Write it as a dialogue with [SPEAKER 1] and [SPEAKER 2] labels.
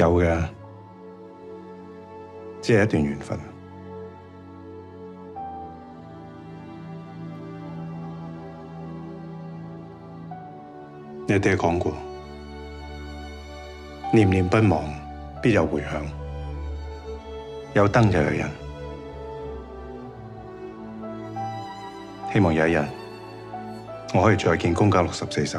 [SPEAKER 1] 有嘅，
[SPEAKER 2] 只係一段緣分。
[SPEAKER 1] 你爹講過，念念不忘，必有回響。有燈就有人，希望有一日我可以再見《宮家六十四首》。